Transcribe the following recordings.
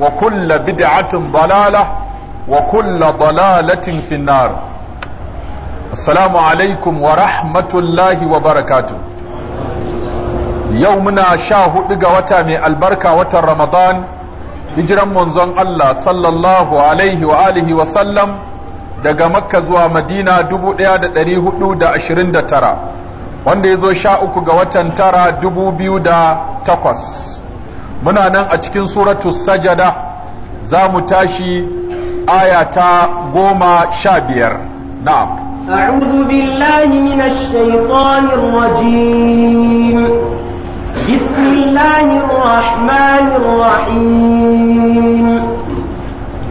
وكل بدعة ضلالة وكل ضلالة في النار السلام عليكم ورحمة الله وبركاته يومنا شاهد قوتامي البركة وتر رمضان hijiran manzon Allah sallallahu alaihi wa alihi wa sallam daga Makka zuwa Madina tara, wanda ya zo sha uku ga watan tara dubu biyu da takwas. muna nan a cikin suratu sajada za mu tashi aya ta goma sha biyar na'am أعوذ بالله من الشيطان الرجيم بسم الله الرحمن الرحيم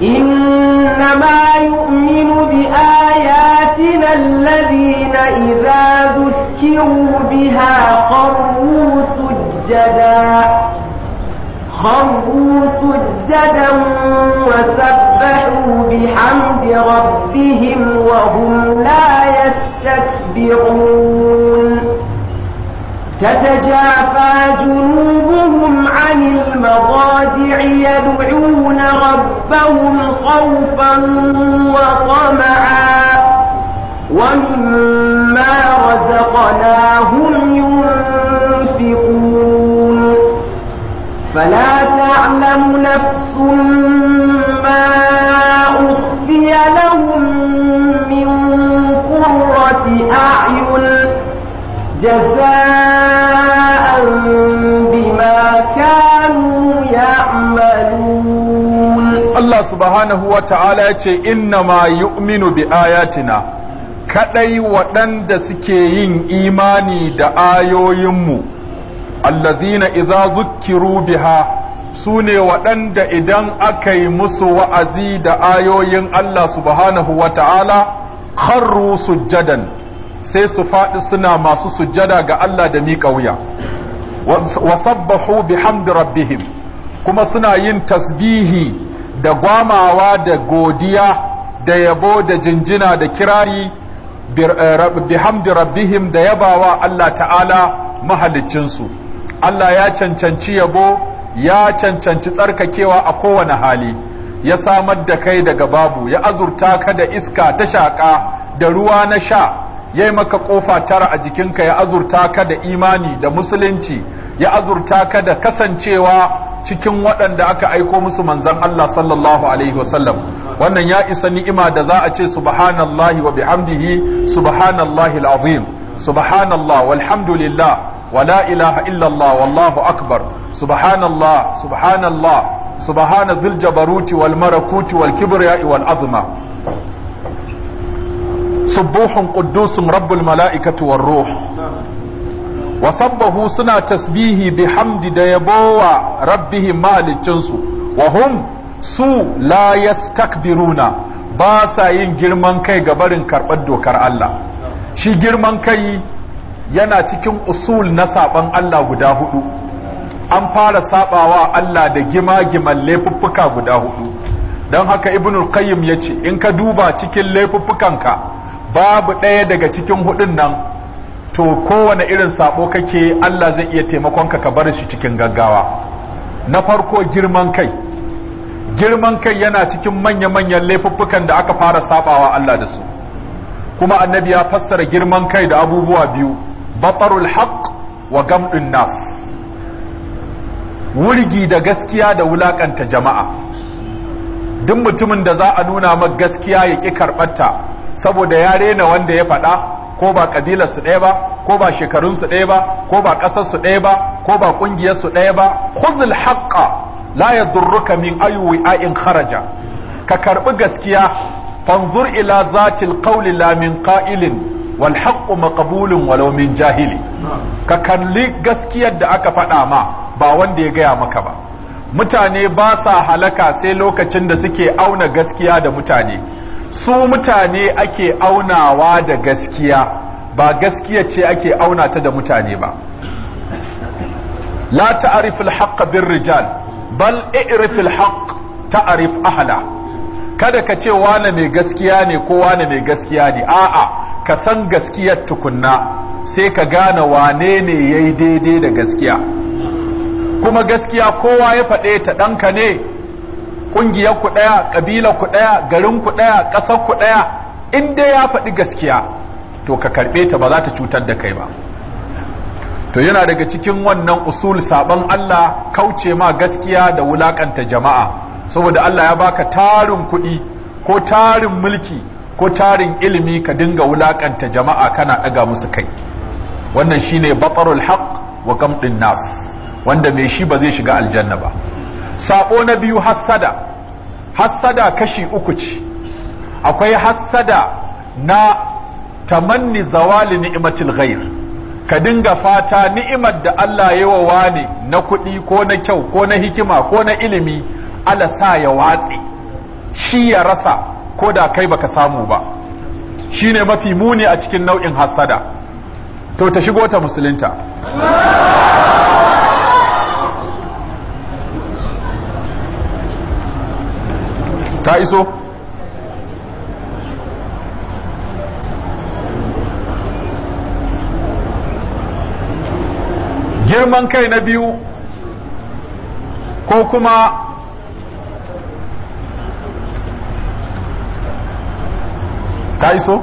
إنما يؤمن بآياتنا الذين إذا ذكروا بها قروا سجداً خروا سجدا وسبحوا بحمد ربهم وهم لا يستكبرون تتجافى جنوبهم عن المضاجع يدعون ربهم خوفا وطمعا ومما رزقناهم ينفقون فلا تعلم نفس ما أخفي لهم من قرة أعين جزاء بما كانوا يعملون الله سبحانه وتعالى إنما يؤمن بآياتنا kadai waɗanda suke yin imani da ayoyinmu allazina idza zukkiru biha sune waɗanda idan aka yi musu wa'azi da ayoyin Allah subhanahu ta'ala kharru sujjadan sai su faɗi suna masu sujjada ga Allah da miƙa wuya wasabbahu bihamdi rabbihim kuma suna yin tasbihi da gwamawa da godiya da yabo da jinjina da kirari eh, bihamdi rabbihim da yabawa Allah ta'ala mahaliccinsu Allah ya cancanci yabo ya cancanci tsarkakewa a kowane hali ya samar da kai daga babu ya azurta ka da iska ta shaƙa da ruwa na sha ya yi maka ƙofa tara a jikinka ya azurta ka da imani da musulunci ya azurta ka da kasancewa cikin waɗanda aka aiko musu manzan Allah sallallahu alaihi wasallam wannan ya isa ni'ima da za a ce subhanallahi wa bihamdihi subhanallahi alazim subhanallah walhamdulillah ولا إله إلا الله والله أكبر سبحان الله سبحان الله سبحان ذي الجبروت والملكوت والكبرياء والعظمة سبوح قدوس رب الملائكة والروح وسبه سنا تسبيه بحمد ديبوى ربهم مال الجنس وهم سو لا يستكبرون ba sa yin girman kai ga barin karɓar dokar Allah shi girman kai yana cikin usul na saban Allah guda hudu an fara sabawa Allah da gima-giman laifuffuka guda hudu don haka ibnul qayyim ya ce in ka duba cikin laifuffukanka babu ɗaya daga cikin hudun nan to kowane irin sabo kake Allah zai iya taimakon ka bar shi cikin gaggawa na farko girman kai girman kai yana cikin manya-manyan laifuffukan da aka fara sabawa Allah da su kuma annabi ya fassara girman kai da abubuwa biyu batarul haq wa gamdun nas wurgi da gaskiya da wulakanta jama'a duk mutumin da za a nuna maka gaskiya ya ƙi karɓarta saboda ya rena wanda ya faɗa ko ba ƙabilarsu ɗaya ba ko ba shekarunsu ɗaya ba ko ba ƙasarsu ɗaya ba ko ba su ɗaya ba khuzul haqqa la yadurruka min ayyi a'in kharaja ka karɓi gaskiya fanzur ila zatil qawli la min qa'ilin wal haqqu maqbulun min jahili ka kalli gaskiyar da aka faɗa ma ba wanda ya gaya maka ba mutane ba sa halaka sai lokacin da suke auna gaskiya da mutane su mutane ake aunawa da gaskiya ba gaskiya ce ake auna ta da mutane ba la ta'rif al-haqq bir-rijal bal i'rif al-haqq ta'rif ahla kada ka ce wane mai gaskiya ne ko wane mai gaskiya ne a'a ka san gaskiyar tukunna sai ka gane wane ne ya yi daidai da gaskiya kuma gaskiya kowa ya faɗe ta ɗanka ne ƙungiyar ku ɗaya ƙabilar ku ɗaya garin ku ɗaya ƙasar ku ɗaya in dai ya faɗi gaskiya to ka karɓe ta ba za ta cutar da kai ba to yana daga cikin wannan usul saban Allah kauce ma gaskiya da wulaƙanta jama'a saboda Allah ya baka tarin kuɗi ko tarin mulki ko tarin ilimi ka dinga wulakanta jama'a kana daga musu kai wannan shine batarul haqq wa gamdin nas wanda mai shi ba zai shiga aljanna ba sabo na biyu hassada hassada kashi uku ce akwai hassada na tamanni zawali ni'matil ghair ka dinga fata ni'imar da Allah ya wa wani na kuɗi ko na kyau ko na hikima ko na ilimi ala sa ya watsi shi ya rasa ko da kai baka samu ba shine mafi muni a cikin nau'in hasada to ta shigo ta musulunta ta iso girman kai na biyu ko kuma ka iso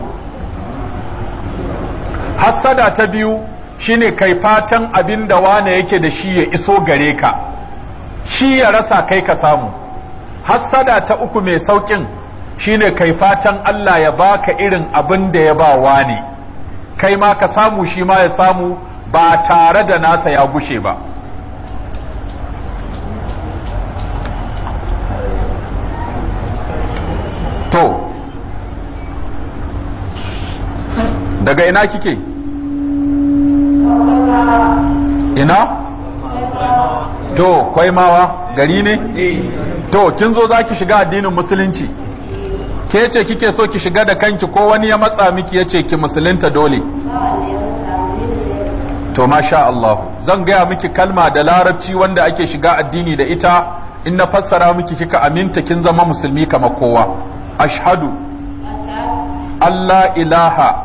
hassada ta biyu shine kai fatan abin da wane yake da shi ya iso gare ka shi ya rasa kai ka samu hassada ta uku mai saukin shine kai fatan Allah ya baka irin abin da ya ba wane kai ma ka samu shi ma ya samu ba tare da nasa ya gushe ba daga ina kike ina to kwaimawa gari ne to kin zo za ki shiga addinin musulunci ke ce kike so ki shiga da kanki ko wani ya matsa miki ya ce ki musulunta dole to masha Allah zan gaya miki kalma da larabci wanda ake shiga addini da ita in na fassara miki kika aminta kin zama musulmi kamar kowa ashhadu Allah ilaha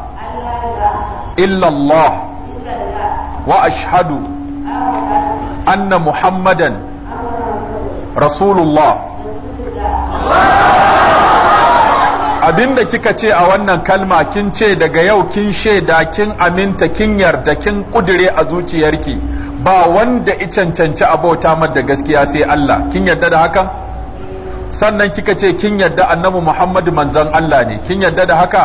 إلا الله وأشهد أن محمدا رسول الله abin da kika ce a wannan kalma kin ce daga yau kin shaida kin aminta kin yarda kin kudire a zuciyarki ba wanda i cancanci abota da gaskiya sai Allah kin yarda da haka sannan kika ce kin yarda annabi Muhammad manzon Allah ne kin yarda da haka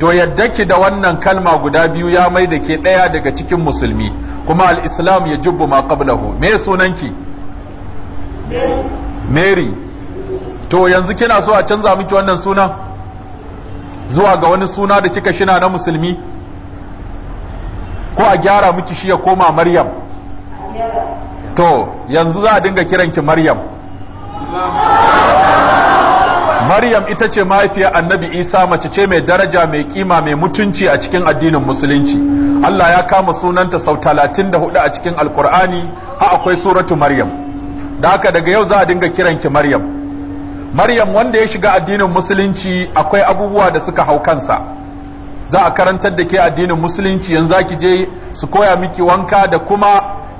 to yadda ki da wannan kalma guda biyu ya mai da ke ɗaya daga cikin musulmi kuma al'islam ya jubbu ma qablahu me sunanki mary to yanzu kina so a canza miki wannan suna zuwa ga wani suna da kika shina na musulmi ko a gyara miki shi ya koma maryam to yanzu za a dinga kiranki maryam Maryam ita ce mahaifiyar Annabi Isa mace ce mai daraja mai kima mai mutunci a cikin addinin musulunci. Allah ya kama sunanta sau talatin da hudu a cikin Alkur'ani a akwai suratu Maryam. Da haka daga yau za a dinga kiranki Maryam. Maryam wanda ya shiga addinin musulunci akwai abubuwa da suka hau kansa. Za a karantar da ke addinin musulunci yanzu zaki je su koya miki wanka da kuma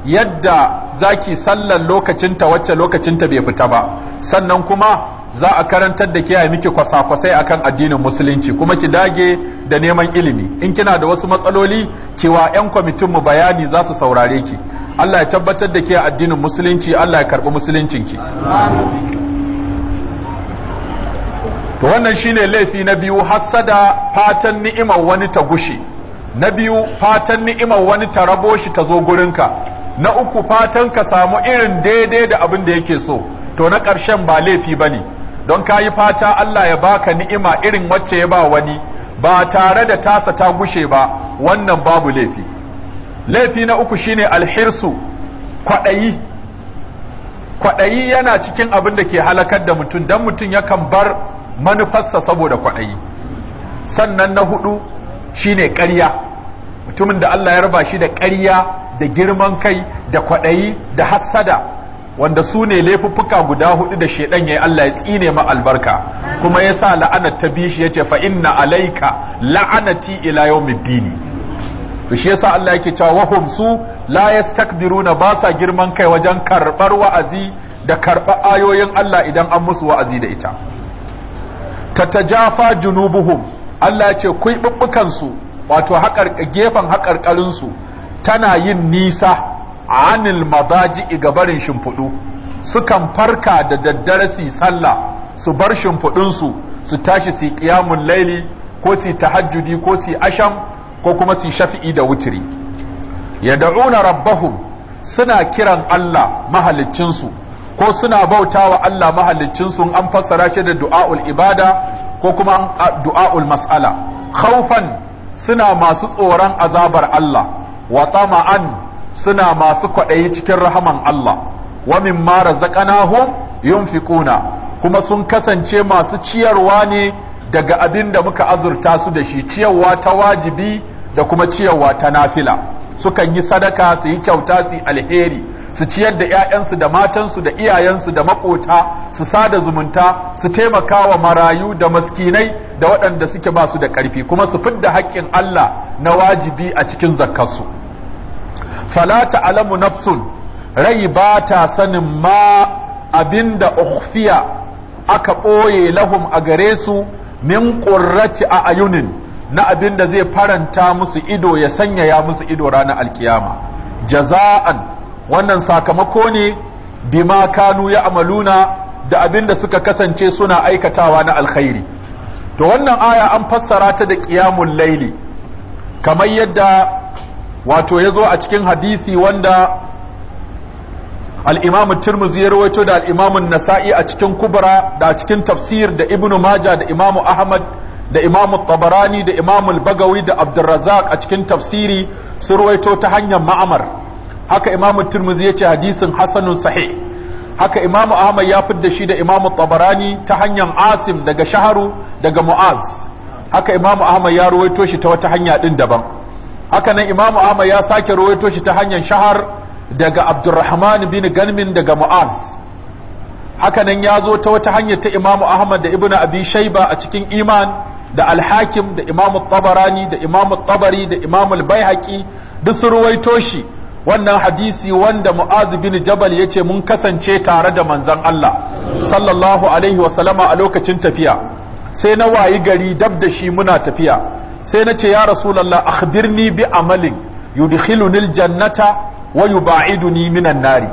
yadda zaki sallan lokacinta wacce lokacinta bai fita ba. Sannan kuma za a karantar da ke miki kwasa-kwasai akan addinin musulunci kuma ki dage da neman ilimi in kina da wasu matsaloli ki wa 'yan kwamitin mu bayani za su saurare ki Allah ya tabbatar da ke addinin musulunci Allah ya karbi ki. to wannan shine laifi na biyu hassada fatan ni'imar wani ta gushi na biyu fatan ni'imar wani ta rabo shi ta zo gurinka na uku fatan ka samu irin daidai da abin da yake so to na ƙarshen ba laifi bane don ka yi fata Allah ya baka ni'ima irin wacce ya ba wani ba tare da tasa ta gushe ba wannan babu laifi laifi na uku shine alhirsu kwaɗayi kwaɗayi yana cikin abin da ke halakar da mutum don mutum yakan bar manufarsa saboda kwaɗayi sannan na hudu shine ƙarya mutumin da Allah ya raba shi da ƙarya da girman kai da kwaɗayi da hassada wanda su ne laifuffuka guda hudu da shedan yayi Allah ya tsine ma albarka kuma ya sa la'anar ta bishi yace fa inna alayka la'anati ila yawmiddini to shi yasa Allah yake cewa wahum su la yastakbiruna ba sa girman kai wajen karbar wa'azi da karba ayoyin Allah idan an musu wa'azi da ita Ta tajafa junubuhum Allah ce bubbukan su wato gefen haƙarƙarin su tana yin nisa anil madaji ga barin shimfiɗu sukan farka da daddare su sallah su bar shimfiɗinsu su tashi su ƙiyamun laili ko su tahajjudi ko su asham ko kuma su shafi'i da wutiri da'una rabbahum suna kiran Allah mahaliccinsu ko suna bautawa Allah mahaliccinsu an fassara shi da du'aul ibada ko kuma du'aul mas'ala khaufan suna masu tsoron azabar Allah wa tama'an suna masu kwaɗayi cikin rahaman Allah wa min ma razaqnahum yunfiquna kuma sun kasance masu ciyarwa ne daga abin da muka azurta su da shi ciyarwa ta wajibi da kuma ciyarwa ta nafila sukan yi sadaka su yi kyauta su alheri su ciyar da 'ya'yansu da matansu da iyayensu da makota su sada zumunta su taimaka wa marayu da maskinai da waɗanda suke ba su da ƙarfi kuma su fidda haƙƙin Allah na wajibi a cikin zakkarsu fala alamu nafsun rai ba ta sanin ma abinda ukhfiya aka ɓoye lahum a gare su min qurrati a ayunin na abinda zai faranta musu ido ya sanyaya musu ido ranar alkiyama jaza'an wannan sakamako ne bima kanu ya amaluna da abinda suka kasance suna aikatawa na alkhairi to wannan aya an fassara ta da ƙiyamun laili kamar yadda wato ya zo a cikin hadisi wanda al'imamu turmuzi ya rawaito da al'imamun nasa'i a cikin kubra da cikin tafsir da ibnu maja da imamu ahmad da imamu tabarani da imamu bagawi da abdurrazak a cikin tafsiri su rawaito ta hanyar ma'amar haka imamu turmuzi ya ce hadisin hasanun Sahi. haka imamu ahmad ya fidda shi da imamu tabarani ta hanyar asim daga shaharu daga mu'az haka imamu ahmad ya rawaito shi ta wata hanya din daban haka nan imamu ahmad ya sake rawaito shi ta hanyar shahar daga abdurrahman bin ganmin daga mu'az haka nan ya zo ta wata hanyar ta imamu ahmad da ibnu abi shaiba a cikin iman da alhakim da imamu tabarani da imamu tabari da imamu baihaqi duk su ruwaito shi wannan hadisi wanda mu'az bin jabal ya ce mun kasance tare da manzon Allah sallallahu alaihi wasallama a lokacin tafiya sai na wayi gari dab da shi muna tafiya sai na ce ya rasulallah akhbirni bi amalin yudkhiluni aljannata wa yuba'iduni minan nari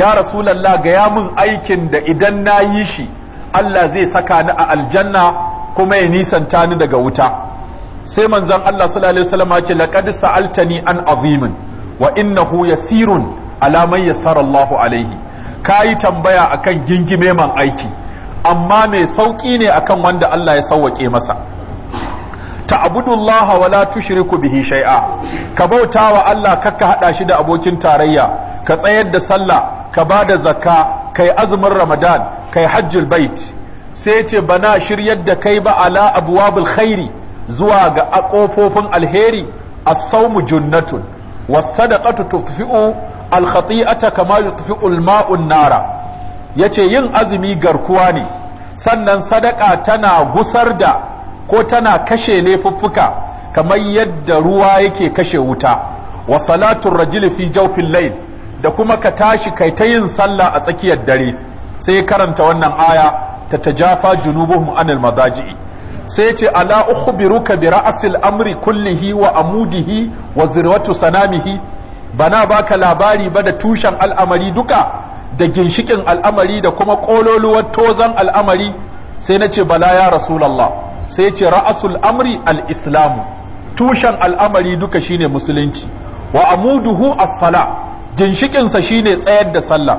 ya rasulallah ga ya mun aikin da idan na yi shi Allah zai saka ni a aljanna kuma ya nisanta ni daga wuta sai manzon Allah sallallahu alaihi wasallam ya ce laqad sa'altani an azimin wa innahu yasirun ala man yassara Allahu alaihi kayi tambaya akan gingime man aiki amma mai sauki ne akan wanda Allah ya sauwake masa ta'budullaha wa la tushriku bihi shay'a ka bauta wa Allah kakka hada shi da abokin tarayya ka tsayar da sallah ka bada zakka kai azumin ramadan kai hajjul bait sai ce bana shiryar da kai ba ala abwabul khairi zuwa ga akofofin alheri as-sawmu junnatun was-sadaqatu tutfi'u al-khati'ata kama yutfi'u al-ma'u an-nara yace yin azumi garkuwa ne sannan sadaka tana gusar da ko tana kashe laifuffuka kamar yadda ruwa yake kashe wuta wa salatun rajuli fi jawfil layl da kuma ka tashi kai ta yin sallah a tsakiyar dare sai karanta wannan aya ta tajafa junubuhum anil madaji'i sai ce ala ukhbiruka bi ra'sil amri kullihi wa amudihi wa zirwatu sanamihi bana baka labari ba da tushen al'amari duka da ginshikin al'amari da kuma kololuwar tozan al'amari sai nace bala ya rasulullah sai ce ra'asul amri al-islamu tushen al'amari duka shine musulunci wa amuduhu as-sala ginshikin sa shine tsayar da sallah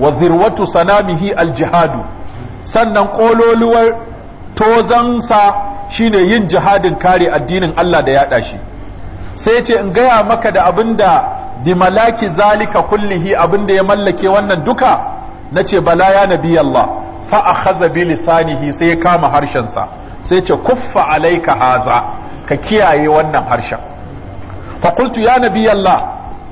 wa zirwatu sanamihi al sannan kololuwar tozan sa shine yin jihadin kare addinin Allah da ya shi sai ce in gaya maka da abinda bi malaki zalika kullihi abinda ya mallake wannan duka nace bala ya nabi Allah fa akhadha bi lisanihi sai ya kama harshen sa sai ce kuffa alaika haza ka kiyaye wannan harshen fakultu qultu ya nabiyallah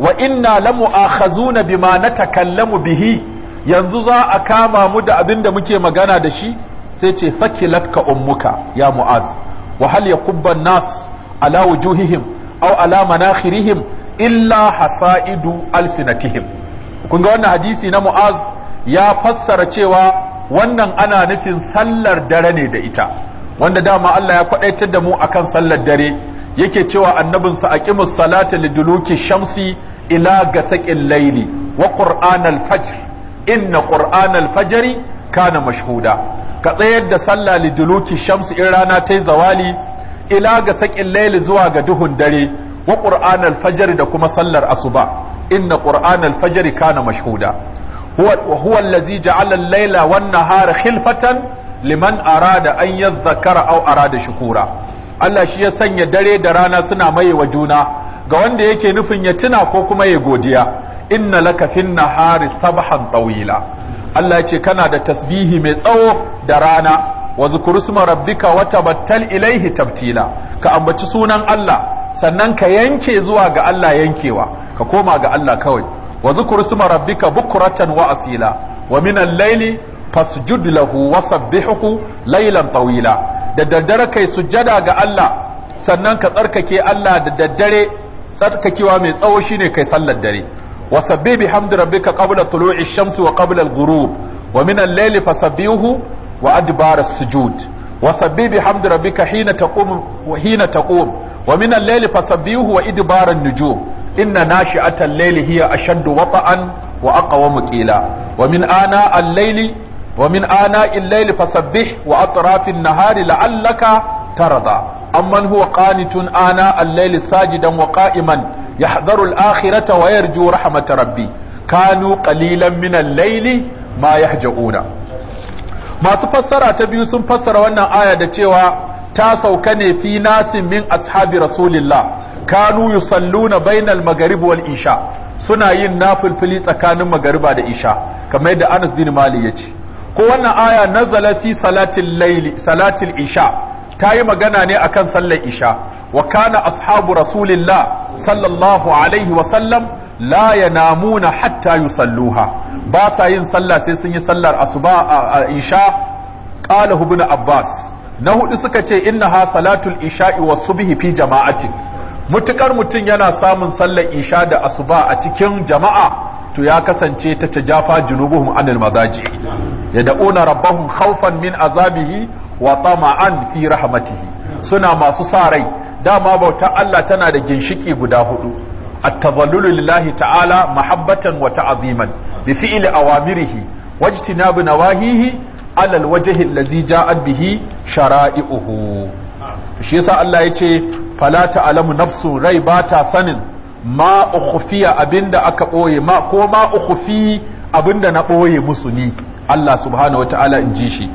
wa inna la mu'akhazuna bima natakallamu bihi yanzu za a kama mu da abin da muke magana da shi sai ce fakilatka ummuka ya mu'az wa hal yakubba nas ala wujuhihim aw ala manakhirihim illa hasaidu alsinatihim kun ga wannan hadisi na mu'az ya fassara cewa wannan ana nufin sallar dare ne da ita wanda dama Allah ya kwadaitar da mu akan sallar dare yake cewa annabinsa aqimus salata liduluki shamsi ila gasaqil layli wa qur'anal fajr inna qur'anal fajri kana mashhuda ka tsayar da sallah liduluki shamsi in rana ta yi zawali ila gasaqil layli zuwa ga duhun dare wa qur'anal fajr da kuma sallar asuba inna qur'anal fajr kana mashhuda huwa huwa allazi ja'ala al-layla wan nahara khilfatan liman arada an zakara au arada shukura Allah shi ya sanya dare da rana suna maye wa juna ga wanda yake nufin ya tuna ko kuma ya godiya inna laka fin nahari sabhan tawila Allah ya ce kana da tasbihi mai tsawo da rana wa zkurisma rabbika wa tabattal ilaihi tabtila ka ambaci sunan Allah sannan ka yanke zuwa ga Allah yankewa ka koma ga Allah kawai wa zkurisma rabbika bukratan wa asila wa minan laili fasjud lahu wasabbihuhu laylan tawila da daddare kai sujjada ga Allah sannan ka tsarkake Allah da daddare tsarkakewa mai tsawo shine kai sallar dare wasabbih bihamdi rabbika qabla tulu'i shamsi wa qabla al-ghurub wa min al-layli fasabbihuhu wa adbar as-sujud wasabbih bihamdi rabbika hina taqum wa hina taqum wa min al-layli fasabbihuhu wa idbar an-nujum inna nashi'atal layli hiya ashaddu wata'an wa aqwamu qila wa min ana al-layli wa min ana'il layli fasabbih wa atrafin nahari la'allaka tarda An manhu wa kani tun ana sajidan wa qa'iman yahdharu al-akhirata wayar yarju rahmat rabbi kanu qalilan min al-layli ma yahja'una masu fassara ta biyu sun fassara wannan aya da cewa ta sauka ne fi nasin min ashabi rasulillah kanu yusalluna bainal maghrib wal isha suna yin nafilfili tsakanin magariba da isha kamar yadda Anas bin Malik yace ko wannan aya nazala fi salatin layli isha ta yi magana ne akan sallar isha wa kana ashabu rasulillah sallallahu alaihi wa sallam la yanamuna hatta yusalluha ba sa yin sallah sai sun yi sallar asuba isha qala ibn abbas na hudu suka ce innaha salatul isha'i wa subhi fi jama'atin mutukar mutum yana samun sallar isha da asuba a cikin jama'a to ya kasance ta tajafa junubuhum anil madaji yad'una rabbahum khawfan min azabihi wa tama'an fi rahmatihi suna masu sa rai dama bauta Allah tana da ginshiki guda hudu at-tadhallulu lillahi ta'ala mahabbatan wa ta'ziman bi fi'li awamirihi wajtinabu nawahihi ala alwajhi allazi ja'at bihi shara'i'uhu shi yasa Allah yace fala ta'lamu nafsun rai ba ta sanin ma ukhfiya abinda aka boye ma ko ma ukhfi abinda na boye musu ni Allah subhanahu wataala in ji shi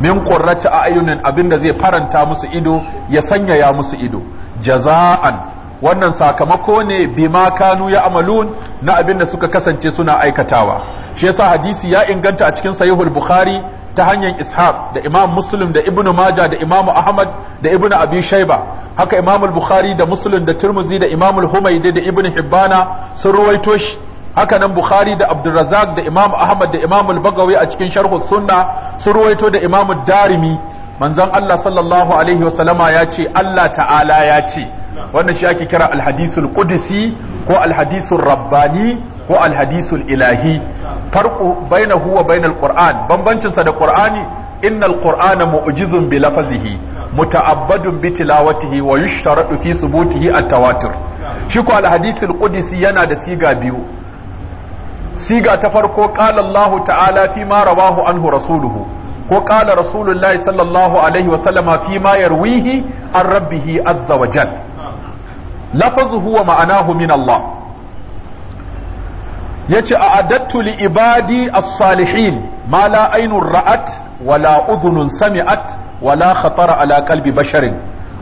min qurrati ayunin abinda zai faranta musu ido ya sanya ya musu ido jaza'an wannan sakamako ne bima kanu ya amalun na abinda suka kasance suna aikatawa shi yasa hadisi ya inganta a cikin sahihul bukhari ta hanyar ishaq da imam muslim da ibnu maja da imam ahmad da ibnu abi shaiba haka Imam bukhari da Muslim da Turmuzi da Imam al-Humaydi da Ibn Hibbana sun ruwaito shi haka nan Bukhari da Abdulrazak da Imam Ahmad da Imam bagawi a cikin Sharh sunna sun ruwaito da Imam Darumi. darimi manzon Allah sallallahu alaihi wasallama ya ce Allah ta'ala ya ce wannan shi ake kira alhadisul hadisul qudsi ko alhadisul rabbani ko alhadisul ilahi farqu bainahu wa bainal qur'an bambancin sa da qur'ani innal qur'ana mu'jizun bi lafazihi muta'abbadun bi tilawatihi wa yushtaratu fi subutihi at-tawatur shi ko al-hadithul qudsi yana da siga biyu siga ta farko qala Allah ta'ala fi ma rawahu anhu rasuluhu ko qala rasulullahi sallallahu alaihi wa sallama fi ma yarwihi an rabbihi azza wa jal lafazuhu wa ma'anahu min Allah yace a adattu li ibadi as-salihin ma la aynun ra'at wala udhunun sami'at wala khatara ala qalbi basharin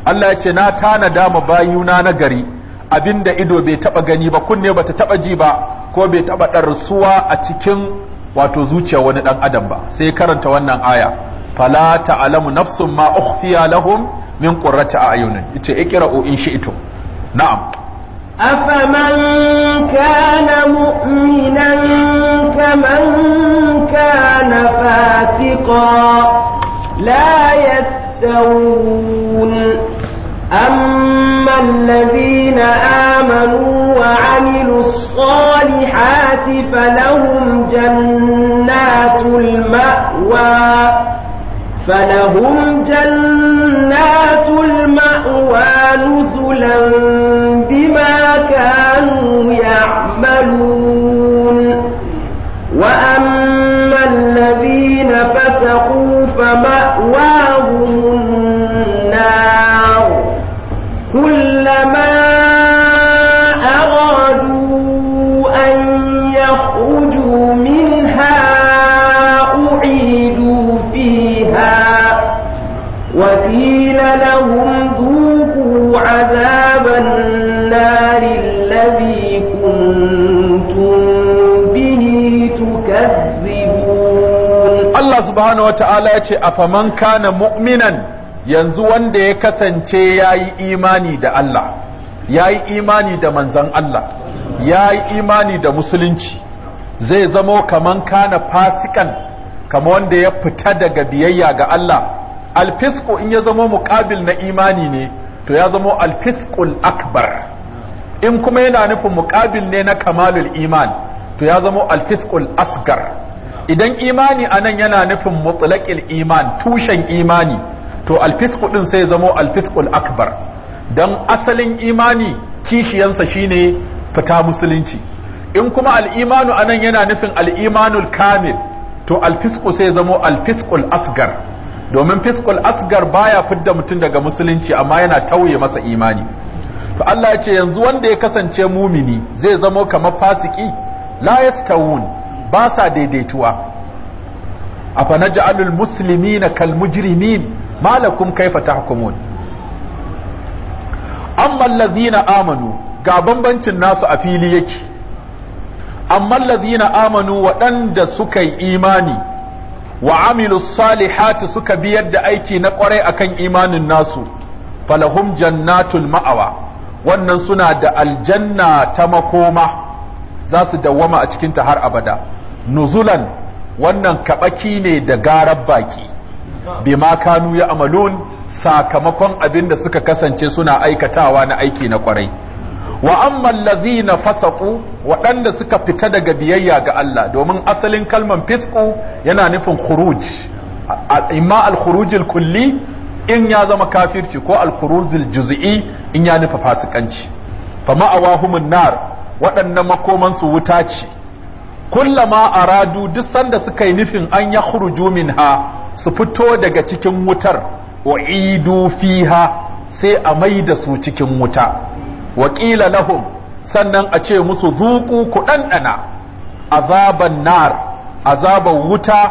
Allah ce na tanada ma bayuna na gari abinda ido bai taba gani ba kunne bata taba ji ba ko bai taba darsuwa a cikin wato zuciya wani dan adam ba sai karanta wannan aya fala ta'lamu nafsun ma ukhfiya lahum min qurrati a'yunin ita O in shi'tum na'am afaman kana mu. من كان فاسقا لا يستوون أما الذين آمنوا وعملوا الصالحات فلهم جنات المأوى فلهم جنات المأوى نزلا بما كانوا يعملون وأما الذين فسقوا فمأواهم النار subhanahu wata'ala ya ce afaman kana mu'minan yanzu wanda ya kasance ya yi imani da Allah ya yi imani da manzan Allah ya yi imani da musulunci zai zamo kaman kana fasikan kama wanda ya fita daga biyayya ga Allah alfisko in ya zamo muƙabil na imani ne to ya zamo alfiskul akbar in kuma yana nufin muƙabil ne na kamalul iman to ya zamo alfiskul asgar idan imani a nan yana nufin mutlaqil iman tushen imani to alfisku ɗin sai zamo alfiskul akbar don asalin imani kishiyansa shine fita musulunci in kuma al'imanu a nan yana nufin al'imanul kamil to alfisku sai zamo alfiskul asgar domin fiskul asgar baya fidda mutum daga musulunci amma yana tauye masa imani to Allah ya ce yanzu wanda ya kasance mumini zai zamo kamar fasiki la yastawun ba sa daidaituwa afana ja'alul muslimina kal mujrimin malakun kaifa an mallazi na amanu ga bambancin nasu a fili yake amma na amanu waɗanda suka yi imani wa amilu salihati suka biyar da aiki na kwarai akan imanin nasu falahum jannatul ma'awa wannan suna da aljanna ta makoma za su dawwama a cikinta har abada nuzulan wannan kaɓaki ne da garar baki ma kanu ya amalun sakamakon abin da suka kasance suna aikatawa na aiki na kwarai wa amman lazina fasaku waɗanda suka fita daga biyayya ga Allah domin asalin kalman fisku yana nufin khuruj imma al-khurujil kulli in ya zama kafirci ko al-khurujil juz'i in ya nufa fasikanci fa ma'awahumun nar waɗannan makoman su wuta ce kullama aradu duk sanda suka yi nufin an ya khuruju minha su fito daga cikin wutar wa idu fiha sai a mai da su cikin wuta wa qila lahum sannan a ce musu zuku ku ɗanɗana azaban nar azaban wuta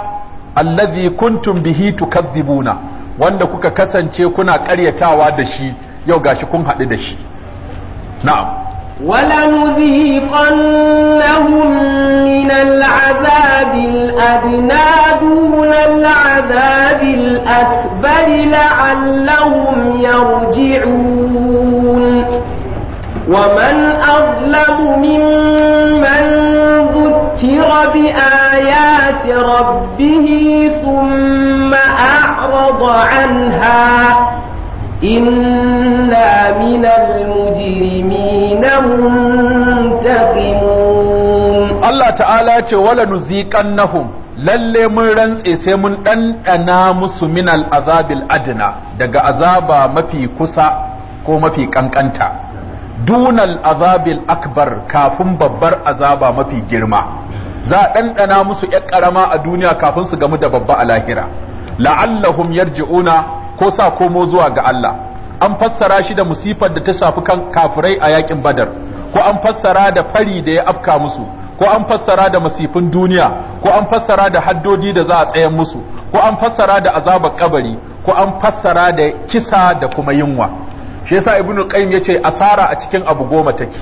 allazi kuntum bihi tukadzibuna wanda kuka kasance kuna ƙaryatawa da shi yau gashi kun haɗu da shi na'am ولنذيقنهم من العذاب الأدنى دون العذاب الأكبر لعلهم يرجعون ومن أظلم ممن ذكر بآيات ربه ثم أعرض عنها إنا من المجرمين منتقمون الله تعالى ولا نزيقنهم lalle mun rantse sai mun ɗanɗana musu min al'azabil adna daga azaba mafi kusa ko mafi ƙanƙanta dunal azabil akbar kafin babbar azaba mafi girma za a ɗanɗana musu ƴan ƙarama a duniya kafin su gamu da babba a lahira la'allahum yarji'una ko sa komo zuwa ga Allah an fassara shi da musifar da ta shafi kan kafirai a yakin badar ko an fassara da fari da ya afka musu ko an fassara da masifin duniya ko an fassara da haddodi da za a tsayan musu ko an fassara da azabar kabari ko an fassara da kisa da kuma yunwa shi yasa ibnu qayyim yace asara a cikin abu goma take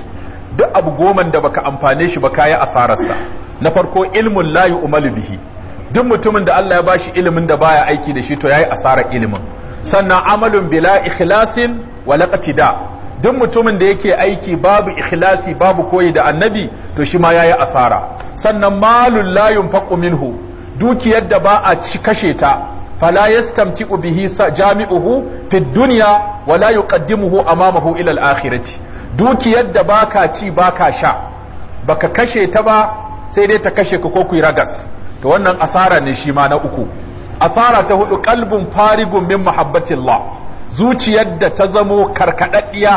duk abu goman da baka amfane shi ba asarar asararsa na farko ilmun la yu'malu bihi duk mutumin da Allah ya bashi ilimin da baya aiki da shi to yayi asarar ilimin sannan amalun bila ikhlasin wala laqtida duk mutumin da yake aiki babu ikhlasi babu koyi da annabi to shi ma yayi asara sannan malul la yunfaqu minhu dukiyar da ba a ci kashe ta fala yastamti'u bihi jami'uhu fid dunya wa yuqaddimuhu amamahu ila al-akhirati dukiyar da baka ci baka sha baka kashe ta ba sai dai ta kashe ka ko ku ragas to wannan asara ne shi ma na uku asara ta hudu kalbun farigun min mahabbatillah zuciyar da ta zamo karkadaddiya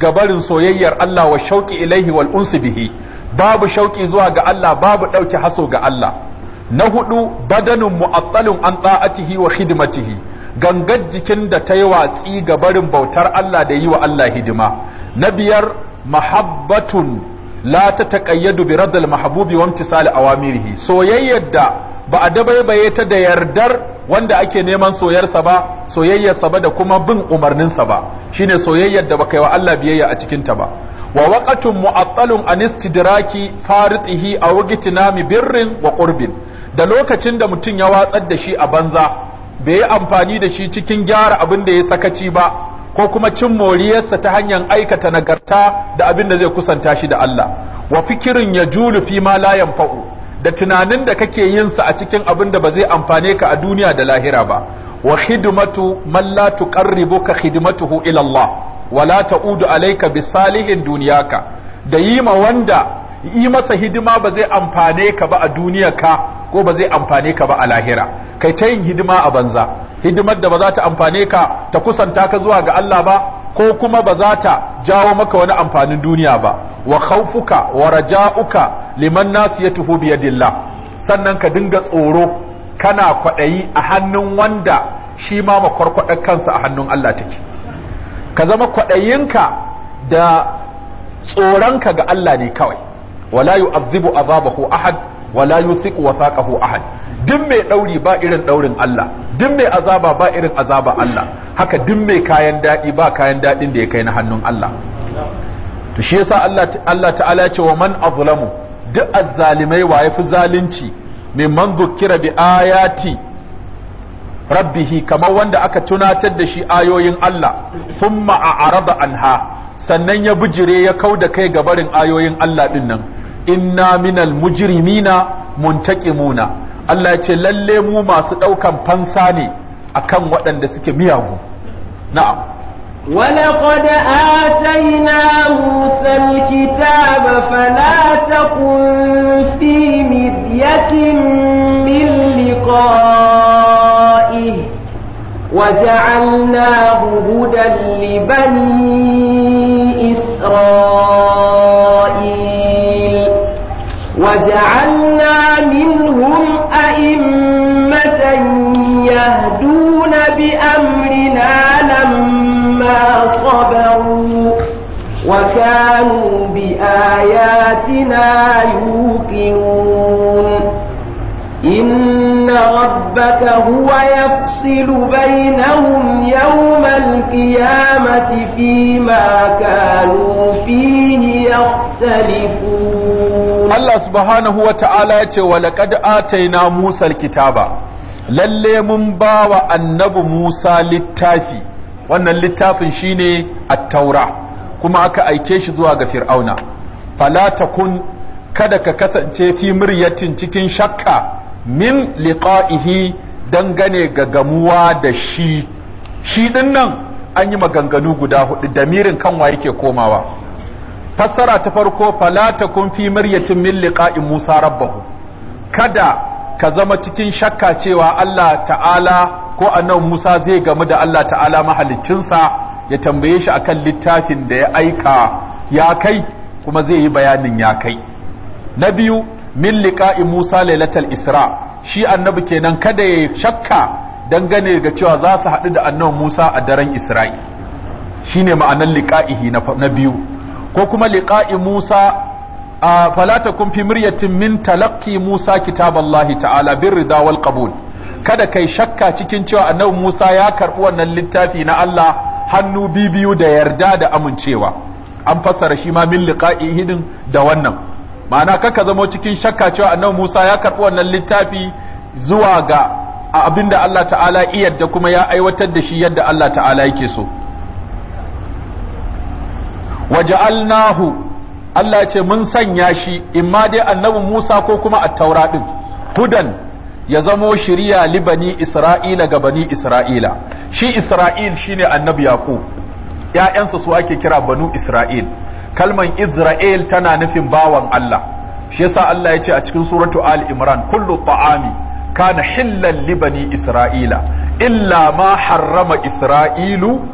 ga barin soyayyar Allah wa shauki ilaihi wal unsi bihi babu shauki zuwa ga Allah babu dauke haso ga Allah na hudu badanun mu'attalun an ta'atihi wa khidmatihi gangar jikin da ta yi watsi ga barin bautar Allah da yi wa Allah hidima na biyar mahabbatun la ta taƙayyadu bi radal mahabubi wa imtisali awamirihi soyayyar da ba a dabaibaye ta da yardar wanda ake neman soyarsa ba soyayyarsa ba da kuma bin umarninsa ba shine soyayyar da baka yi wa Allah biyayya a cikin ta ba wa waqatun mu'attalun an istidraki faritihi aw gitinami birrin wa qurbin da lokacin da mutum ya watsar da shi a banza bai yi amfani da shi cikin gyara abin da ya sakaci ba ko kuma cin moriyarsa ta hanyar aikata nagarta da abin da zai kusanta shi da Allah wa fikirin ya julu fi ma la yanfa'u da tunanin da kake yin sa a cikin abin da ba zai amfane ka a duniya da lahira ba wa khidmatu man la tuqarribuka khidmatuhu ila Allah wa la ta'udu alayka bi salihin duniyaka da yi ma wanda yi masa hidima ba zai amfane ka ba a duniyarka ko ba zai amfane ka ba a lahira kai ta yin hidima a banza hidimar da ba za ta amfane ka ta kusanta ka zuwa ga Allah ba ko kuma ba za ta jawo maka wani amfanin duniya ba wa khawfuka wa raja'uka liman nasiyatuhu bi yadillah sannan ka dinga tsoro kana kwaɗayi a hannun wanda shi ma makwarkwadar kansa a hannun Allah take ka zama kwaɗayinka da tsoronka ga Allah ne kawai wala yu'adhibu azabahu ahad wala yusiku wasaqahu ahad duk mai dauri ba irin daurin Allah duk mai azaba ba irin azaba Allah haka duk mai kayan dadi ba kayan dadin da ya kai na hannun Allah to shi yasa Allah Allah ta'ala ya ce wa man azlamu duk azzalimai wa yafi zalunci man dukkira bi ayati rabbihi kamar wanda aka tunatar da shi ayoyin Allah summa a'rada anha sannan ya bijire ya kauda kai ga barin ayoyin Allah din inna minal mujrimina muna. Allah ya ce lalle mu masu ɗaukan fansa ne akan waɗanda suke miyagu na'am ولقد آتينا موسى الكتاب فلا تكن في مرية من لقائه وجعلناه هدى لبني إسرائيل منهم أئمة يهدون بأمرنا لما صبروا وكانوا بآياتنا يوقنون إن ربك هو يفصل بينهم يوم القيامة فيما كانوا فيه يختلفون Allah subhanahu wa ta'ala ya ce wa laqad ataina Musa kitaba lalle mun ba wa annabi Musa littafi wannan littafin shine at-taura kuma aka aike shi zuwa ga fir'auna fala takun kada ka kasance fi muryatin cikin shakka min liqa'ihi dangane ga gamuwa da shi shi din nan an yi maganganu guda hudu damirin kanwa yake komawa fassara ta farko falata kun fi maryatin min liqa'i Musa rabbahu kada ka zama cikin shakka cewa Allah ta'ala ko annabi Musa zai gamu da Allah ta'ala mahaliccinsa ya tambaye shi akan littafin da ya aika ya kai kuma zai yi bayanin ya kai na biyu min liqa'i Musa lailatul Isra shi annabi kenan kada ya shakka dangane ga cewa za su haɗu da annabi Musa a daren Isra'i shine ma'anar liqa'ihi na biyu ko kuma liqa'i Musa a takun fi miryatin min talaqqi Musa kitaballahi ta'ala rida wal qabul kada kai shakka cikin cewa annabi Musa ya karbi wannan littafi na Allah hannu bibiyu da yarda da amincewa an fassara shi ma min liqa'i hidin da wannan ma'ana kaka zama cikin shakka cewa annabi Musa ya karbi wannan littafi zuwa ga abinda Allah ta'ala iyadda kuma ya aiwatar da shi yadda Allah ta'ala yake so waja'alnahu Allah ce mun sanya shi imma dai annabi Musa ko kuma at-taura din hudan ya zamo shiriya li bani Isra'ila ga bani Isra'ila shi Isra'il shine annabi Yaqub Ya'yansa su ake kira banu Isra'il kalman Isra'il tana nufin bawan Allah shi yasa Allah ya ce a cikin suratu Ali Imran kullu ta'ami kana hillan li bani Isra'ila illa ma harrama Isra'ilu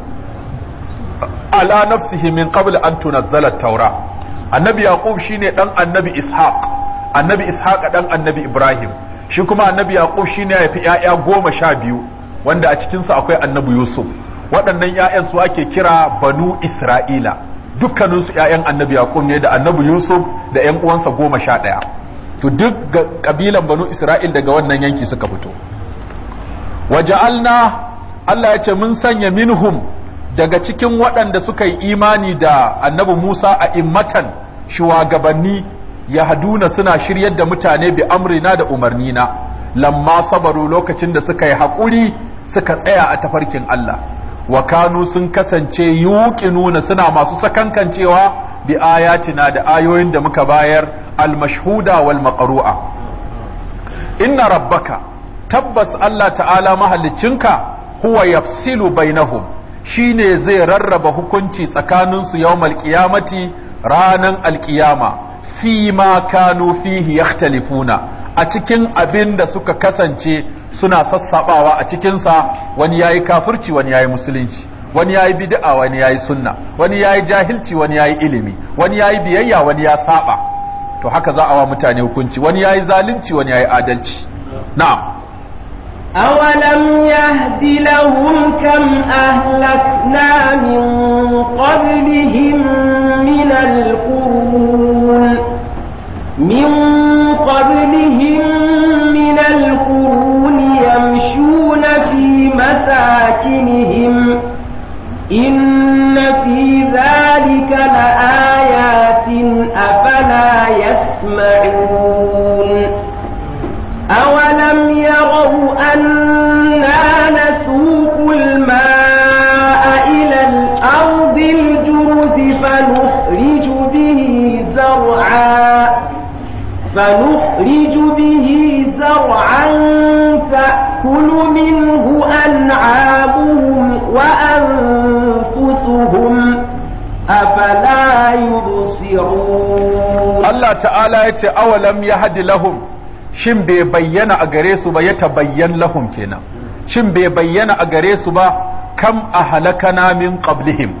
ala nafsihi min qabl an tunazzala at-taura annabi yaqub shine dan annabi ishaq annabi ishaq dan annabi ibrahim shi kuma annabi yaqub shine ya fi yaya goma sha biyu wanda a cikin su akwai annabi yusuf waɗannan yayan su ake kira banu isra'ila dukkanin su yayan annabi yaqub ne da annabi yusuf da yan uwansa goma sha ɗaya to duk kabilan banu isra'il daga wannan yanki suka fito waja'alna Allah ya ce mun sanya minhum daga cikin waɗanda suka yi imani da annabi Musa a immatan shugabanni ya haduna suna shiryar da mutane bi amrina da umarnina lamma sabaru lokacin da suka yi haƙuri suka tsaya a tafarkin Allah wa sun kasance yuqinuna suna masu sakankancewa bi ayatina da ayoyin da muka bayar al-mashhuda wal maqru'a inna rabbaka tabbas Allah ta'ala mahallicinka huwa yafsilu bainahum Shi ne zai rarraba hukunci tsakaninsu yau malkiyamati ranan alkiyama fi ma kanu fihi yakhtalifuna a cikin abin da suka kasance suna sassabawa a cikinsa wani ya yi kafirci wani ya yi musulunci wani ya yi bid'a wani ya yi sunna wani ya yi jahilci wani ya yi ilimi wani ya yi biyayya wani ya saba to haka za a wa mutane hukunci wani ya yi zalunci wani ya yi adalci na'am أولم يهد لهم كم أهلكنا من قبلهم من القرون من قبلهم من القرون يمشون في مساكنهم إن في ذلك لآيات أفلا يسمعون له أنا نسوق الماء إلى الأرض الجرز فنخرج به زرعا فنخرج به زرعا تأكل منه أنعامهم وأنفسهم أفلا يبصرون الله تعالى أولم يهد لهم shin bai bayyana a gare su ba ya tabayyan lahum kenan shin bai bayyana a gare su ba kam a halakana min qablihim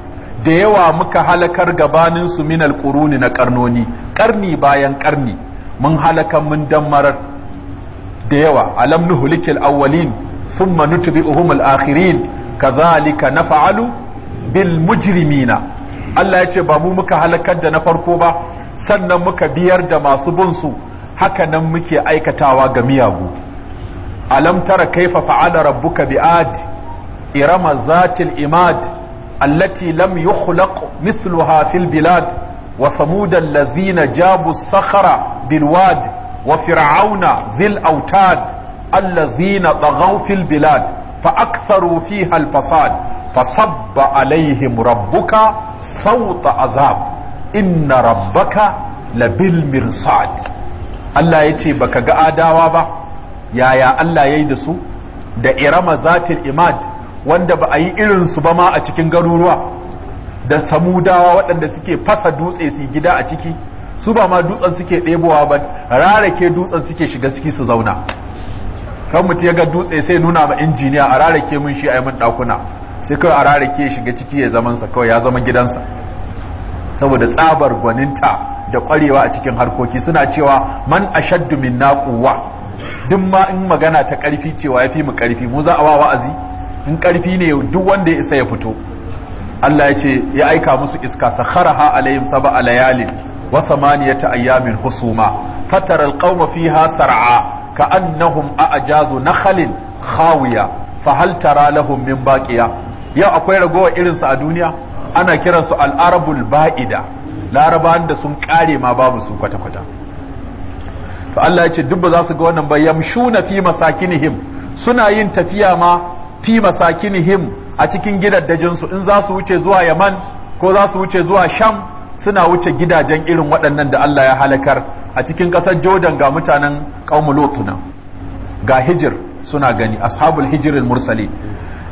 da yawa muka halakar gabanin su min alquruni na karnoni karni bayan karni mun halaka mun dammarar da yawa alam nuhlikil awwalin thumma nutbi'uhum al-akhirin kazalika naf'alu bil mujrimina Allah ya ce ba mu muka halakar da na farko ba sannan muka biyar da masu bin su haka nan muke aikatawa ga miyagu alam tara kaifa fa'ala rabbuka bi'ad irama zatil imad allati lam yukhlaq misluha fil bilad wa samud allazina jabu as-sakhra bil wad wa fir'auna zil autad allazina taghaw fil bilad fa aktharu fiha al fasad fasabba alaihim rabbuka sawta azab inna rabbaka labil mirsad Allah ya ce baka ga adawa ba yaya Allah ya yi da su da irama zatil imad wanda ba a yi irinsu ba ma a cikin garuruwa da samudawa waɗanda suke fasa dutse su gida a ciki su ba ma dutsen suke ɗebowa ba rarake dutsen suke shiga ciki su zauna kan mutum yaga dutse sai nuna ma injiniya a rarake mun shi a mun ɗakuna sai kawai a rarake ya shiga ciki ya kawai ya zama gidansa saboda tsabar gwaninta da kwarewa a cikin harkoki suna cewa man ashaddu minna quwwa duk ma in magana ta karfi cewa yafi mu karfi mu za a wa wa'azi in karfi ne duk wanda ya isa ya fito Allah ya ce ya aika musu iska sakharaha alayhim sab'a layalin wa samaniyata ayyamin husuma fatara alqawma fiha sar'a ka'annahum a'jazu nakhlin khawiya fa hal tara lahum min baqiya yau akwai ragowa irinsu a duniya ana kiransu al-arabul ba'ida larabawan da sun kare ma babu su kwata-kwata to Allah ya ce duk za su ga wannan ba yamshuna fi masakinihim suna yin tafiya ma fi masakinihim a cikin gidaddajin su in za su wuce zuwa Yaman ko za su wuce zuwa Sham suna wuce gidajen irin waɗannan da Allah ya halakar a cikin ƙasar Jordan ga mutanen ƙaumu Lot ga Hijir suna gani ashabul hijril mursali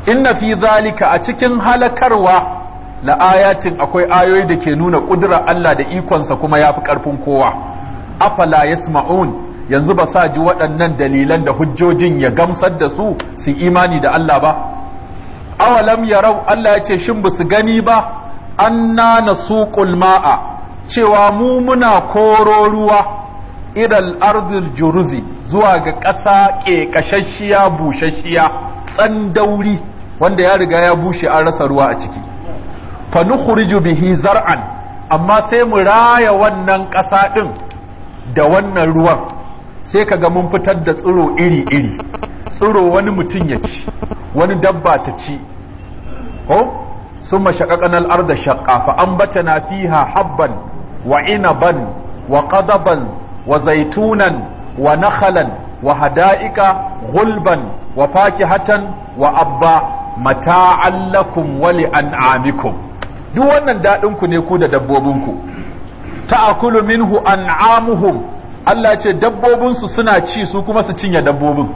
inna fi zalika a cikin halakarwa na ayatin akwai ayoyi da ke nuna kudura Allah da ikonsa kuma ya fi ƙarfin kowa afala Sma'un, yanzu ba sa ji waɗannan dalilan da hujjojin ya gamsar da su su imani da Allah ba awalam rau? Allah ya ce shin ba su gani ba An nana su ma'a cewa mu muna koro ruwa idan arzir juruzi zuwa ga ƙasa ƙashashiya bushashiya tsandauri wanda ya riga ya bushe an rasa ruwa a ciki fa nukhriju zar'an amma sai mu raya wannan ƙasa ɗin da wannan ruwan sai ka ga mun fitar da tsiro iri iri tsiro wani mutum ya ci wani dabba ta ci ko summa shaqaqana al-arda shaqqa fa anbatana fiha habban wa'inaban, inaban wa qadaban wa zaitunan wa nakhalan wa hada'ika ghulban wa fakihatan wa abba mata'allakum wa li an'amikum duk wannan daɗin ku ne ku da dabbobin ku akulu minhu an'amuhum Allah ce dabbobin su suna ci su kuma su cinye dabbobin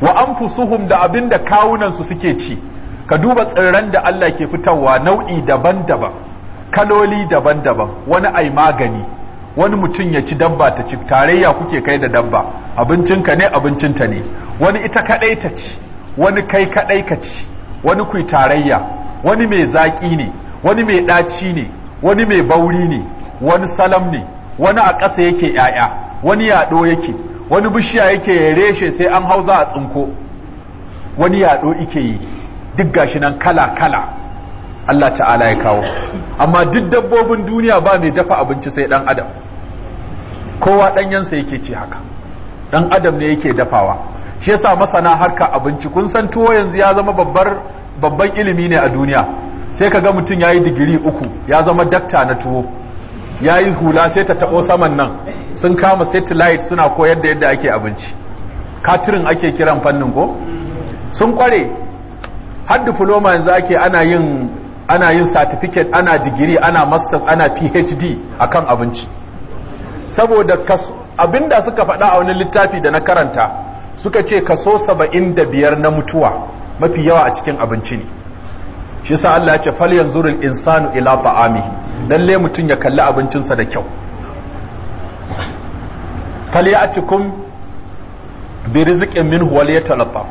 wa anfusuhum da abinda kawunan su suke ci ka duba tsirran da Allah ke fitarwa nau'i daban-daban kaloli daban-daban wani ai magani wani mutum ya ci dabba ta ci tarayya kuke kai da dabba abincinka ne abincinta ne wani ita kadai ta ci wani kai kadai ka ci wani ku tarayya wani mai zaƙi ne wani mai ɗaci ne wani mai bauri ne wani salam ne wani a ƙasa yake ƴaƴa wani yaɗo yake wani bishiya yake ya reshe sai an hau za a tsinko wani yaɗo ike yi duk gashi nan kala kala Allah ta'ala ya kawo amma duk dabbobin duniya ba mai dafa abinci sai ɗan adam kowa ɗanyensa yake ci haka ɗan adam ne yake dafawa shi yasa masana harka abinci kun san tuwo yanzu ya zama babbar babban ilimi ne a duniya sai ka ga mutum ya yi digiri uku ya zama dakta na tuwo ya yi hula sai ta taɓo saman nan sun kama satellite suna koyar da yadda ake abinci katirin ake kiran fannin ko sun kware har diploma yanzu ake ana yin ana ana digiri ana masters ana phd akan abinci saboda abinda suka faɗa a wani littafi da na karanta suka ce kaso saba'in da biyar na mutuwa mafi yawa a cikin abinci ne shi sa Allah ya ce fal al insanu ila ta'amihi lalle mutum ya kalli abincinsa da kyau fal ya'tikum bi rizqin minhu wal yatalaffa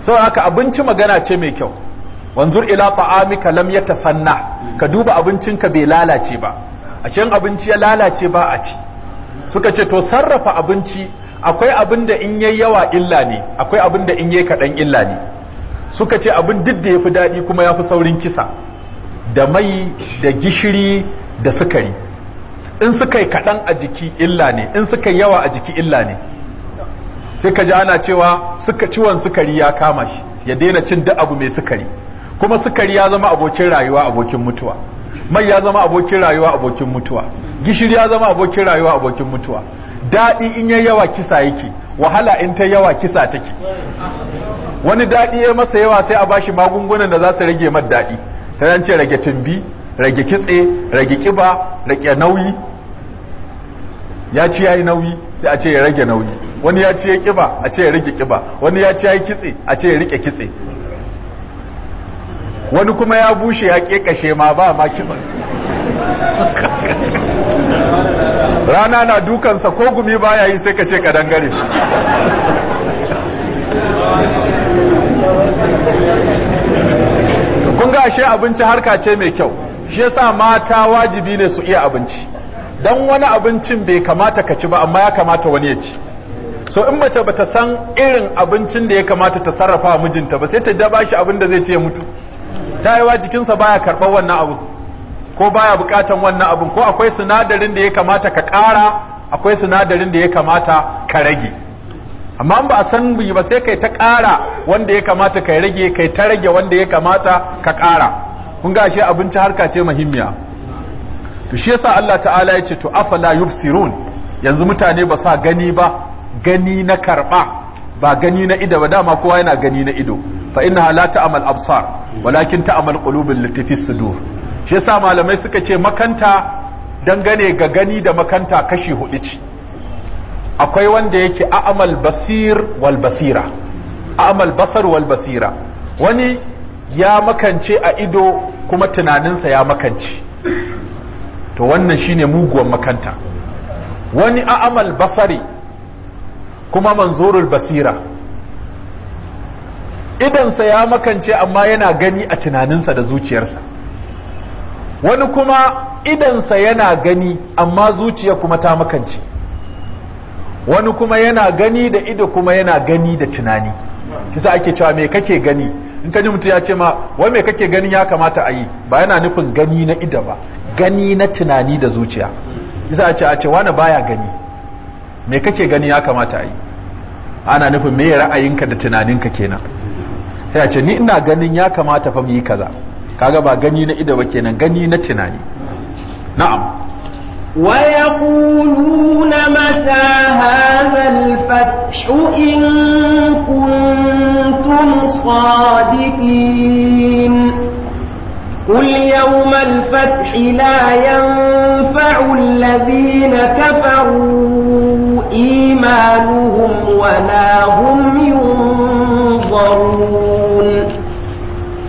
sau haka abinci magana ce mai kyau wanzur ila ta'amika lam yatasanna ka duba abincin ka bai lalace ba a cikin abinci ya lalace ba a ci suka ce to sarrafa abinci akwai abin da in yayi yawa illa ne akwai abin da in yayi kaɗan illa ne suka ce abin duk da ya fi daɗi kuma ya fi saurin kisa da mai da gishiri da sukari in suka yi kaɗan a jiki illa ne in suka yi yawa a jiki illa ne sai ka ji ana cewa suka ciwon sukari ya kama shi ya daina cin duk abu mai sukari kuma sukari ya zama abokin rayuwa abokin mutuwa mai ya zama abokin rayuwa abokin mutuwa gishiri ya zama abokin rayuwa abokin mutuwa daɗi in ya yawa kisa yake wahala in ta yawa kisa take wani daɗi ya masa yawa sai a bashi magungunan da za su rage mar daɗi ta ce rage tumbi rage kitse rage kiba rage nauyi ya ci yayi nauyi sai a ce ya rage nauyi wani ya ci ya kiba a ce ya rage kiba wani ya ci yayi kitse a ce ya rike kitse wani kuma ya bushe ya kekashe ma ba ma kiba rana na dukansa ko gumi baya yi sai ka ce ka dangare kun ga ashe abinci harka ce mai kyau shi yasa mata wajibi ne su iya abinci dan wani abincin bai kamata ka ci ba amma ya kamata wani ya ci so in mace bata san irin abincin da ya kamata ta sarrafa mijinta ba sai ta daba shi abin da zai ce ya mutu ta yi jikinsa baya karɓar wannan abu ko baya bukatan wannan abin ko akwai sinadarin da ya kamata ka ƙara akwai sinadarin da ya kamata ka rage amma ba a san bi ba sai kai ta ƙara wanda ya kamata ka rage kai ta rage wanda ya kamata ka ƙara kun ga shi abinci harka ce muhimmiya to shi yasa Allah ta'ala ya ce to afala yubsirun yanzu mutane ba sa gani ba gani na karba ba gani na ido ba dama kowa yana gani na ido fa innaha la ta'mal absar walakin ta'mal qulubul lati fi sudur shi yasa malamai suka ce makanta dangane ga gani da makanta kashi hudu ce akwai wanda yake a'mal basir wal basira a'mal basar wal basira wani ya makance a ido kuma tunaninsa ya makance to wannan shine muguwan makanta wani a'mal basari kuma manzurul basira idansa ya makance amma yana gani a tunaninsa da zuciyarsa wani kuma idansa yana gani amma zuciya kuma ta makance wani kuma yana gani da ido kuma yana gani da tunani kisa ake cewa me kake gani in kaji mutum ya ce ma wai me kake gani ya kamata a yi ba yana nufin gani na ido ba gani na tunani da zuciya kisa a ce a ce wani baya gani me kake gani ya kamata a yi ana nufin me ra'ayinka da tunaninka kenan sai a ce ni ina ganin ya kamata fa mu yi kaza kaga ba gani na ido ba kenan gani na tunani na'am wa yaquluna mata hadha al-fathu in kuntum sadiqin قل يوم الفتح لا ينفع الذين كفروا إيمانهم ولا هم ينظرون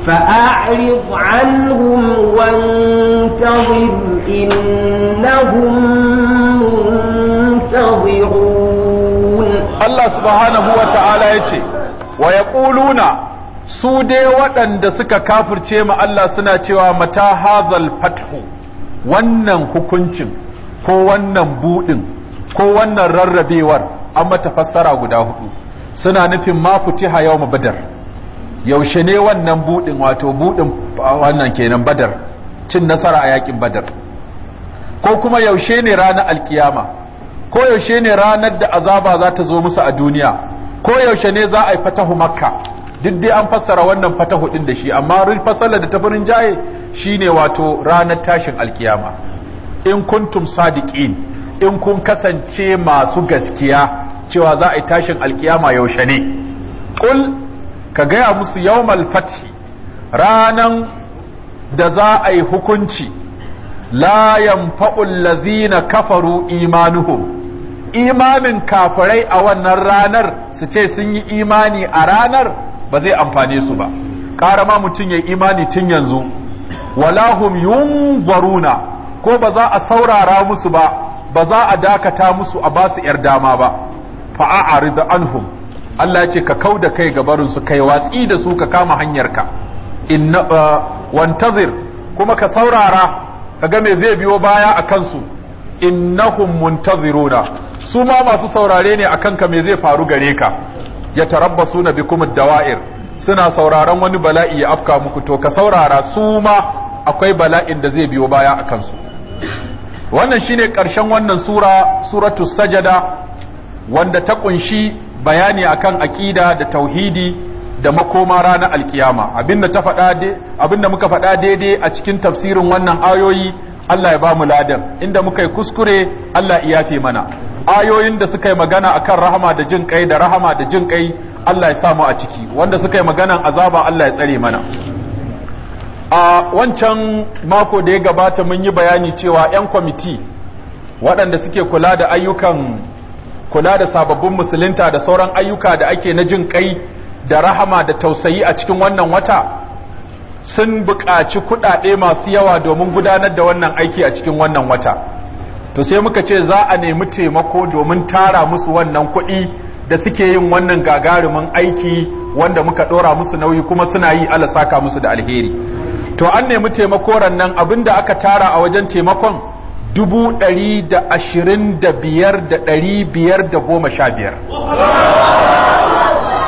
فأعرض عنهم وانتظر إنهم منتظرون الله سبحانه وتعالى يتي ويقولون su dai waɗanda suka kafirce ma Allah suna cewa mata hazal fathu wannan hukuncin ko wannan buɗin ko wannan rarrabewar an mata fassara guda hudu suna nufin ma fitiha yau badar yaushe ne wannan budin wato budin wannan kenan badar cin nasara a yakin badar ko kuma yaushe ne ranar alkiyama ko yaushe ne ranar da azaba za ta zo musu a duniya ko yaushe ne za a yi fatahu makka duk dai an fassara wannan fatahu din da shi amma rin fassara da tafirin jaye shine wato ranar tashin alkiyama in kuntum sadiqin in kun kasance masu gaskiya cewa za a yi tashin alkiyama yaushe ne ka gaya musu yau malfati ranan da za a yi hukunci layan yanfa'ul na kafaru imanuhum imanin kafirai a wannan ranar su ce sun yi imani a ranar ba zai amfane su ba karama mutum ya imani tun yanzu walahum yunzaruna ko ba za a saurara musu ba ba za a dakata musu a basu yar dama ba fa'a'rid anhum Allah ya ce ka kau da kai gabarin su kai watsi da su ka kama hanyarka inna uh, wantazir kuma ka saurara ka ga me zai biyo baya a kansu innahum muntaziruna su ma masu saurare ne akan ka me zai faru gare ka Ya na bikum dawair suna sauraron wani bala'i ya afka muku to ka saurara su ma akwai bala'in da zai biyo baya a kansu wannan shine ƙarshen wannan sura suratul sajada wanda ta kunshi bayani akan aƙida da tauhidi da makoma ranar alkiyama abinda ta muka faɗa daidai a cikin tafsirin wannan ayoyi Allah ya ba mu ladan inda muka yi kuskure Allah ya yafe mana ayoyin da suka yi magana akan rahama da jin kai da rahama da jin kai Allah ya samu a ciki wanda suka yi maganan azaba Allah ya tsare mana a wancan mako da ya gabata mun yi bayani cewa 'yan kwamiti waɗanda suke kula da ayyukan kula da sababbin musulunta da sauran ayyuka da ake na jin kai da rahama da tausayi a cikin wannan wata sun buƙaci kuɗaɗe masu yawa domin gudanar da wannan aiki a cikin wannan wata to sai muka ce za a nemi taimako domin tara musu wannan kuɗi da suke yin wannan gagarumin aiki wanda muka ɗora musu nauyi kuma suna yi ala saka musu da alheri to an nemi taimako rannan abinda aka tara a wajen taimakon dubu ɗari da ashirin da biyar da ɗari biyar da goma sha biyar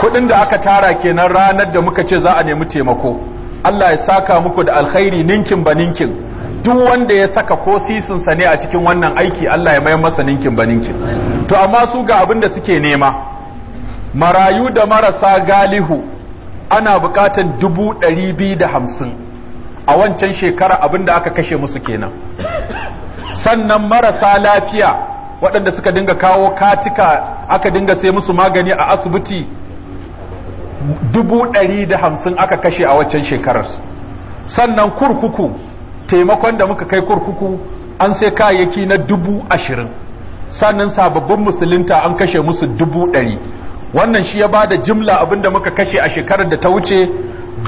kuɗin da aka tara kenan ranar da muka ce za a nemi taimako Allah ya saka muku da alkhairi ninkin ba ninkin duk wanda ya saka ko sisinsa ne a cikin wannan aiki Allah ya mayar masa ninkin ba ninkin to amma su ga abin da suke nema marayu da marasa galihu ana bukatan dubu ɗari biyu da hamsin a wancan shekara abinda aka kashe musu kenan sannan marasa lafiya waɗanda suka dinga kawo katika aka dinga sai musu magani a asibiti dubu ɗari da hamsin aka kashe a waccan shekarar sannan kurkuku taimakon da muka kai kurkuku an sai kayayyaki na dubu ashirin sannan sababbin musulunta an kashe musu dubu ɗari wannan shi ya ba da jimla abinda muka kashe a shekarar da ta wuce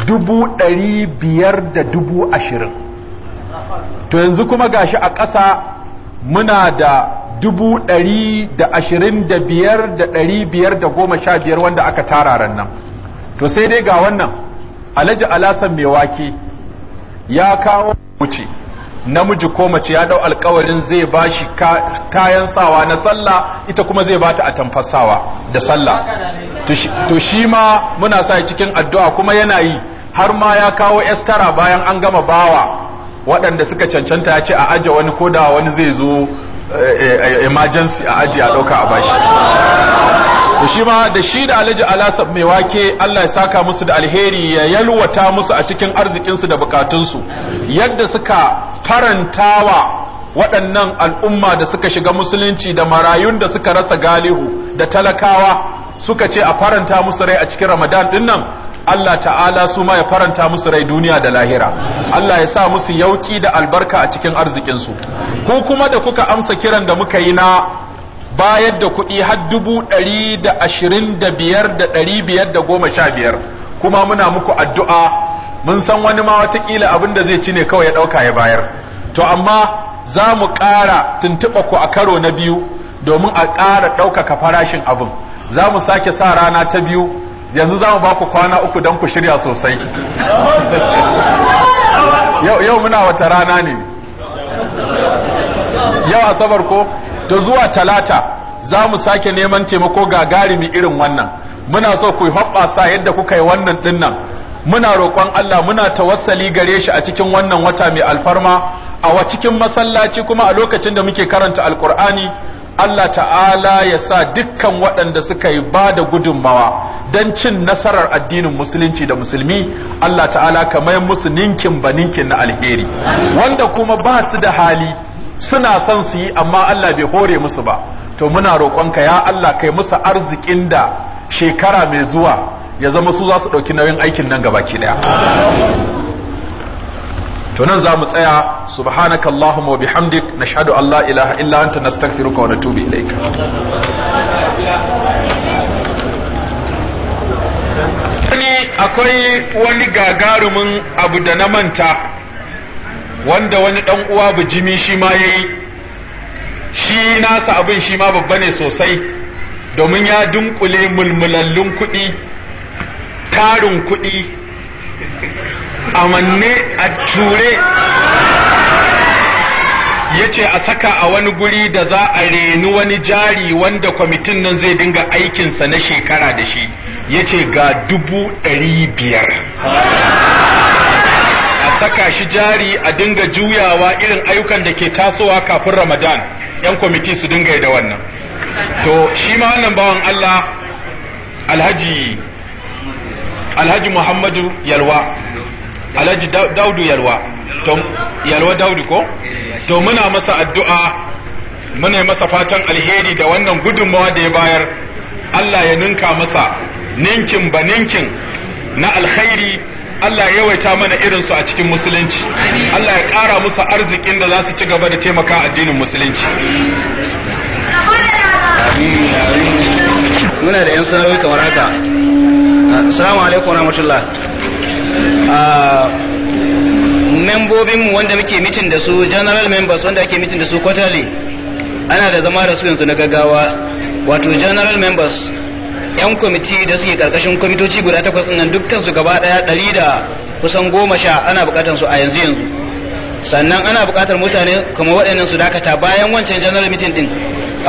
dubu ɗari biyar da dubu ashirin to yanzu kuma gashi a ƙasa muna da dubu ɗari da ashirin da biyar da ɗari biyar da goma sha biyar wanda aka tara ran nan to sai dai ga wannan alhaji alasan mai wake ya kawo wuce namiji ko mace ya ɗau alkawarin zai ba shi kayan sawa na sallah ita kuma zai bata a tamfar da sallah to shi ma muna sa cikin addu'a kuma yana yi har ma ya kawo estara bayan an gama bawa waɗanda suka cancanta ya ce a aje wani ko da wani zai zo eh, eh, eh, emergency a ajiye a ɗauka a bashi da shi ma da shi da alhaji alasa mai wake Allah ya saka musu da alheri ya yalwata musu a cikin arzikinsu da bukatunsu yadda suka farantawa waɗannan al'umma da suka shiga musulunci da marayun da suka rasa galihu da talakawa suka ce a faranta musu rai a cikin ramadan ɗin Allah ta'ala su ma ya faranta musu rai duniya da lahira Allah ya sa musu yauki da albarka a cikin arzikinsu ku kuma da kuka amsa kiran da muka yi na bayar da kuɗi har dubu ɗari da ashirin da biyar da ɗari biyar da goma sha biyar kuma muna muku addu'a mun san wani ma watakila abin da zai ci ne kawai ya ɗauka ya bayar to amma za mu ƙara tuntuɓa ku a karo na biyu domin a ƙara ɗaukaka farashin abin za mu sake sa rana ta biyu yanzu za mu ba ku kwana uku don ku shirya sosai yau muna wata rana ne yau asabar ko da zuwa talata za mu sake neman taimako gagarumi irin wannan muna so ku sa yadda kuka yi wannan dinnan muna roƙon Allah muna tawassali gare shi a cikin wannan wata mai alfarma a cikin masallaci kuma a lokacin da muke karanta alkur'ani Allah ta'ala ya sa dukkan waɗanda suka yi ba da gudunmawa don cin nasarar addinin musulunci da musulmi Allah ta'ala kamar musu ninkin ba ninkin na alheri wanda kuma ba su da hali suna son su yi amma Allah bai hore musu ba to muna roƙonka ya Allah kai musu arzikin da shekara mai zuwa ya zama su za su ɗauki nauyin aikin nan gaba ki ɗaya to nan za mu tsaya subhanaka allahumma wa bihamdik nashhadu an la ilaha illa anta nastaghfiruka wa natubu ilaika wani akwai wani gagarumin abu da na manta wanda wani dan uwa bijimi shi ma yayi shi nasa abin shi ma babba ne sosai domin ya dunkule mulmulallun kuɗi tarin kuɗi A manne a ture ya ce a saka a wani guri da za a reni wani jari wanda kwamitin nan zai dinga aikinsa na shekara da shi ya ce ga dubu ɗari biyar a saka shi jari a dinga juyawa irin ayyukan da ke tasowa kafin ramadan yan kwamiti su dinga yi da wannan to shi ma wannan bawan allah alhaji alhaji muhammadu yalwa alhaji daudu yalwa yalwa daudu ko to muna masa addu'a muna masa fatan alheri da wannan gudunmawa da ya bayar Allah ya ninka masa ninkin ba ninkin na alkhairi Allah ya yawaita mana irin su a cikin musulunci Allah ya ƙara musu arzikin da za su ci gaba da taimaka addinin musulunci muna da 'yan sanarwa kamar haka assalamu alaikum rahmatullah. Ah, membobinmu wanda muke mitin da su general members wanda ake mitin da su kwatale ana da zama da su yanzu na gaggawa wato general members yan kwamiti da suke karkashin kwamitoci guda takwas nan dukkan su gaba daya ɗari da kusan goma sha ana bukatar su a yanzu yanzu sannan ana bukatar mutane kuma waɗannan su dakata bayan wancan general meeting din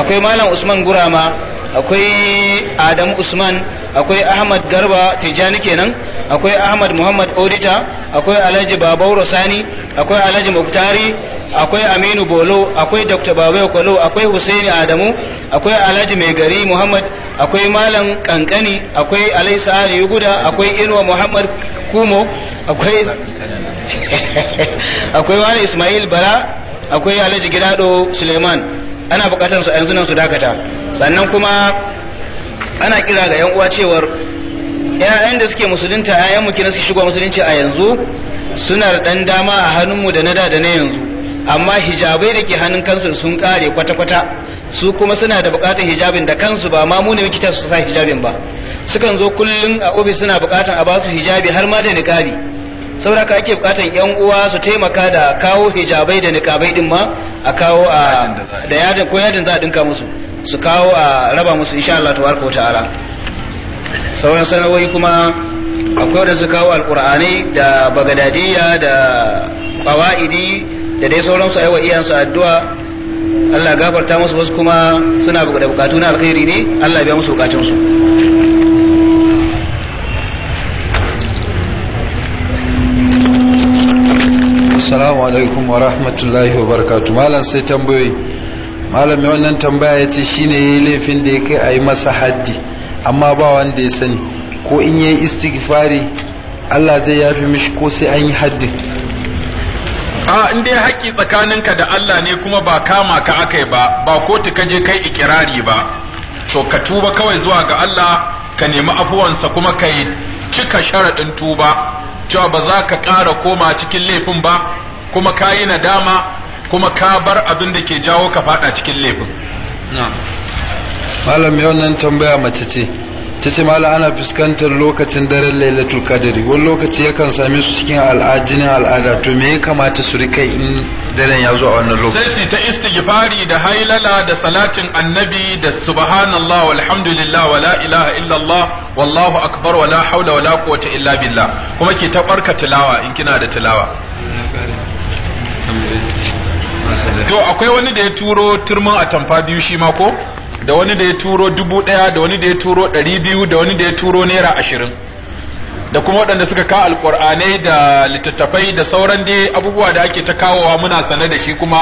akwai malam usman gurama akwai adam usman akwai ahmad garba tijani kenan akwai ahmad muhammad odita akwai alhaji babauro sani akwai alhaji muktari akwai aminu bolo akwai dr babai kwalo akwai husaini adamu akwai alhaji mai gari muhammad akwai malam kankani akwai alaisa ali guda akwai inuwa muhammad kumo akwai akwai wani ismail bala akwai alhaji gidado suleiman ana bukatar su a yanzu nan su dakata sannan kuma ana kira ga yan uwa cewar ƴaƴan da suke musulunta ƴaƴan mu kina suke shigo musulunci a yanzu suna da dan dama a hannunmu da na da da na yanzu amma hijabai da ke hannun kansu sun kare kwata-kwata su kuma suna da bukatar hijabin da kansu ba ma mu ne muke su sa hijabin ba sukan zo kullum a ofis suna bukatar a ba su hijabi har ma da niqabi sauraka ake bukatan yan uwa su taimaka da kawo hijabai da nikabai din ma a kawo a da yadin ko yadin za a dinka musu su kawo a raba musu insha Allah tabaraka ta ala sauran sanarwoyi kuma akwai da su kawo alqur'ani da bagadadiya da qawaidi da dai sauransu aiwa iyansu addu'a Allah gafarta musu wasu kuma suna da bukatu na alkhairi ne Allah biya musu su assalamu alaikum wa rahmatullahi wa barakatu malam sai tambayoyi malam wannan tambaya ya ce shine ya yi laifin da ya kai a yi masa haddi amma ba wanda ya sani ko in ya yi istighfari Allah zai yafi mishi ko sai an yi haddi. a in dai haƙƙi tsakaninka da Allah ne kuma ba kama ka akai ba ba kotu ka je kai ikirari ba to ka tuba kawai zuwa ga Allah ka nemi afuwansa kuma ka yi cika sharaɗin tuba cewa ba za ka ƙara koma cikin laifin ba kuma ka yi nadama kuma ka bar abin da ke jawo ka faɗa cikin laifin malam yau nan tambaya mace ce ta ce mala ana fuskantar lokacin daren lailatul kadari wani lokaci yakan same su cikin al'ajinin al'ada to me ya kamata su rika in daren ya zo a wannan lokaci sai su ta istighfari da hailala da salatin annabi da subhanallah walhamdulillah wala ilaha illallah wallahu akbar wala haula wala quwwata illa billah kuma ki ta barka tilawa in kina da tilawa to akwai wani da ya turo turman atamfa biyu shi ma ko da wani da ya turo dubu ɗaya da wani da ya turo ɗari biyu da wani da ya turo naira ashirin da kuma waɗanda suka kawo alƙur'anai da littattafai da sauran dai abubuwa da ake ta kawowa muna sane da shi kuma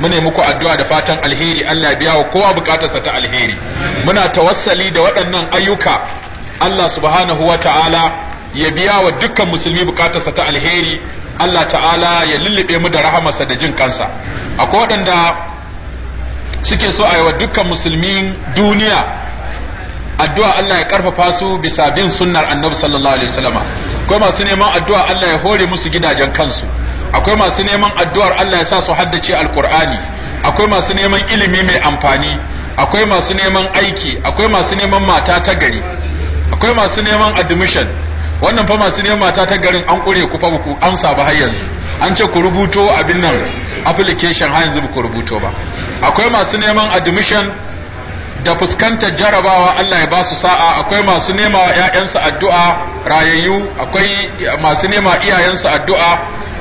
ne muku addu'a da fatan alheri Allah biya wa kowa bukatarsa ta alheri muna tawassali da waɗannan ayyuka Allah subhanahu wa ta'ala ya biya wa dukkan musulmi bukatarsa ta alheri Allah ta'ala ya lullube mu da rahamarsa da jin kansa akwai waɗanda suke so a yi wa dukkan musulmin duniya addu'a Allah ya karfafa su bisa bin sunnar annabi sallallahu alaihi wasallam akwai masu neman addu'a Allah ya hore musu gidajen kansu akwai masu neman addu'ar Allah ya sa su haddace alkur'ani akwai masu neman ilimi mai amfani akwai masu neman aiki akwai masu neman mata ta gari akwai masu neman admission wannan fa masu neman mata ta garin an kure ku fa ku amsa ba har yanzu an ce ku rubuto abin nan application har yanzu ku rubuto ba akwai masu neman admission da fuskantar jarabawa Allah ya ba su sa'a akwai masu nema ƴaƴansu addu'a rayayyu akwai masu nema iyayensu addu'a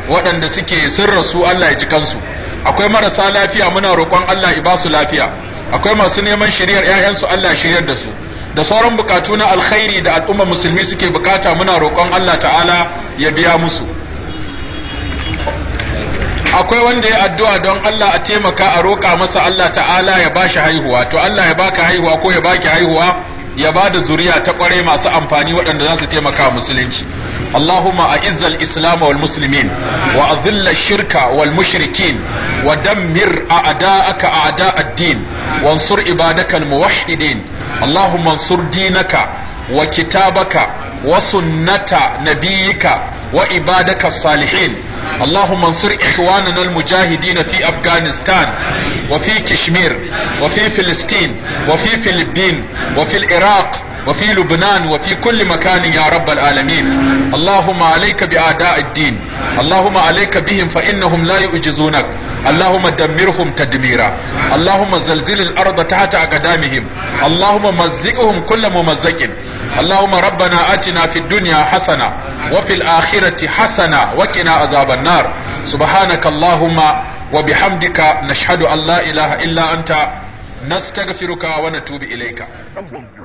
waɗanda suke sun rasu Allah ya ji kansu akwai marasa lafiya muna roƙon Allah ya ba su lafiya akwai masu neman shiriyar ƴaƴansu Allah shiryar da su da sauran bukatu na alkhairi da al'umma musulmi suke bukata muna roƙon Allah ta'ala ya biya musu akwai wanda ya addu'a don Allah a taimaka a roƙa masa Allah ta'ala ya ba shi haihuwa to Allah ya baka haihuwa ko ya baki haihuwa ya ba da zuriya ta kware masu amfani waɗanda za su taimaka musulunci اللهم أعز الإسلام والمسلمين وأذل الشرك والمشركين ودمر أعداءك أعداء الدين وانصر عبادك الموحدين اللهم انصر دينك وكتابك wa sunnata nabiyyika wa ibadaka salihin اللهم انصر إخواننا المجاهدين في أفغانستان وفي كشمير وفي فلسطين وفي فلبين وفي العراق وفي لبنان وفي كل مكان يا رب العالمين اللهم عليك بأعداء الدين اللهم عليك بهم فإنهم لا يؤجزونك اللهم دمرهم تدميرا اللهم زلزل الأرض تحت أقدامهم اللهم مزقهم كل ممزق اللهم ربنا آتنا في الدنيا حسنة وفي الآخرة حسنة وقنا عذاب النار سبحانك اللهم وبحمدك نشهد أن لا إله إلا أنت نستغفرك ونتوب إليك